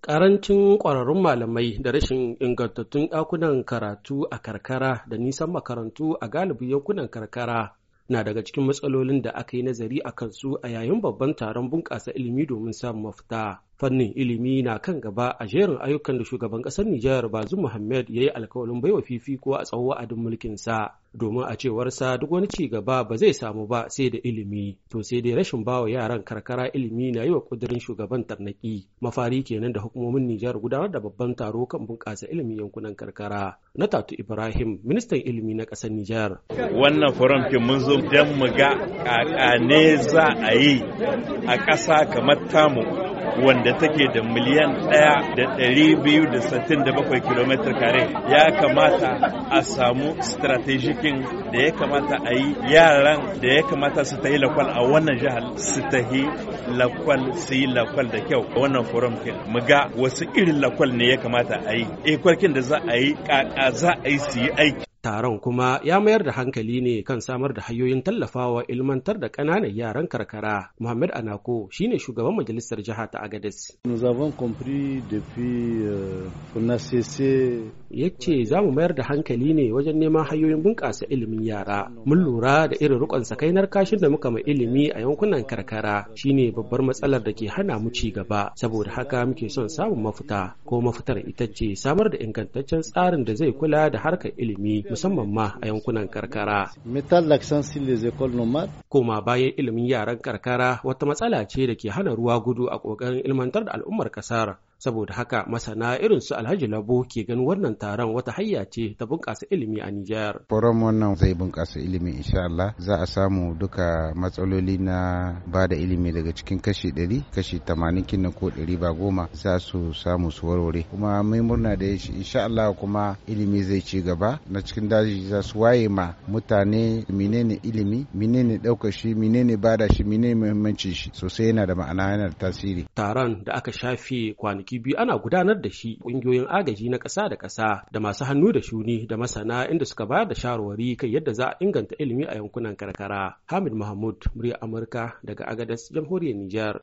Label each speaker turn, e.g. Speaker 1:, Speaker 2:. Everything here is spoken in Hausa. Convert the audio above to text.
Speaker 1: Ƙarancin ƙwararrun malamai da rashin ingantattun ɗakunan karatu a karkara da nisan makarantu a galibi yankunan karkara na daga cikin matsalolin da aka yi nazari a kansu a yayin babban taron bunƙasa ilimi domin samun mafita. Fannin ilimi na kan gaba a jerin ayyukan da shugaban ƙasar Nijar bazu Muhammad ya yi alkawalin baiwa fifiko a tsawo wa'adin mulkinsa. domin a cewarsa duk wani ci gaba ba zai samu ba sai da ilimi to sai dai rashin bawa yaran karkara ilimi na yi wa kudirin shugaban tarnaki mafari kenan da hukumomin Nijar gudanar da babban taro kan bunƙasa ilimin yankunan karkara na Tatu Ibrahim ministan ilimi na ƙasar Nijar wannan forum mun zo dan mu ga kakane
Speaker 2: za a yi a ƙasa kamar tamu wanda take da miliyan ɗaya da ɗari biyu da sittin da bakwai kilomitar kare ya kamata a samu strategikin da ya kamata a yi yaran da ya kamata su ta yi lakwal a wannan jihar su ta yi lakwal su yi lakwal da kyau a wannan forum kin mu ga wasu
Speaker 1: irin lakwal ne ya kamata a yi ikwarkin eh, da za a yi kaka za a yi su yi aiki Taron kuma ya mayar da hankali ne kan samar da hanyoyin tallafawa ilmantar da ƙananan yaran karkara. Muhammad Anako shine shugaban majalisar jiha ta Agadez. Nous ya ce za mu mayar da hankali ne wajen neman hanyoyin bunƙasa ilimin yara mun lura da irin rukon sakainar kashin da muka mai ilimi a yankunan karkara shine babbar matsalar da ke hana mu ci gaba saboda haka muke son samun mafita ko mafitar ita ce samar da ingantaccen tsarin da zai kula da harkar ilimi musamman ma a yankunan karkara koma bayan ilimin yaran karkara wata matsala ce da ke hana ruwa gudu a ƙoƙarin ilmantar da al'ummar kasar saboda haka masana irin su alhaji labo ke ganin wannan taron wata hayya ce ta bunƙasa ilimi a nijar
Speaker 3: forum wannan zai bunƙasa ilimi insha Allah za a samu duka matsaloli na ba da ilimi daga cikin kashi ɗari, kashi 80 kina ko 100 ba goma za su samu su warware kuma mai murna da yashi insha Allah kuma ilimi zai ci gaba na cikin daji za su waye ma mutane menene ilimi menene ɗaukar shi menene bada shi menene muhimmanci shi sosai yana da ma'ana yana da tasiri
Speaker 1: taron da aka shafi kwanaki kwanaki biyu ana gudanar da shi ƙungiyoyin agaji na ƙasa da ƙasa da masu hannu da shuni da masana inda suka bayar da shawarwari kan yadda za a inganta ilimi a yankunan karkara. Hamid Mahmud, murya Amurka daga Agadez, Jamhuriyar Nijar.